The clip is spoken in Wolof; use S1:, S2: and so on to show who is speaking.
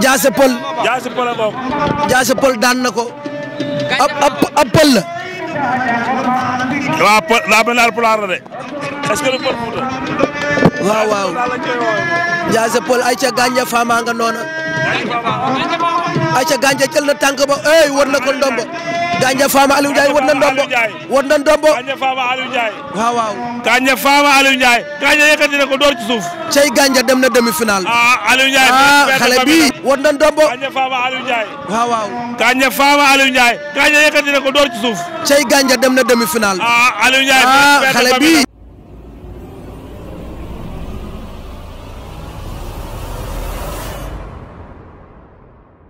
S1: Jaase Pël. Jaase Pël a na ko. ab ab ab Pël la.
S2: waaw de. waaw waaw. Jaase Pël ay ca Ganja Fama nga noona. Aïcha Ganja jël na tànk ba ey war na ko ndombo Ganja Fama Aliou Ndiaye war na ndombo war na ndombo
S1: Ganja
S3: Fama Aliou Ndiaye
S1: waaw waaw Ganja Fama Aliou Ndiaye Ganja yëkkati na ko door ci suuf cey Ganja dem na demi final ah Aliou ah, bi war na ndombo Ganja Fama Aliou Ndiaye waaw waaw Ganja Fama Aliou na ko door ci suuf cey Ganja dem na demi final ah Aliou Ndiaye ah, bi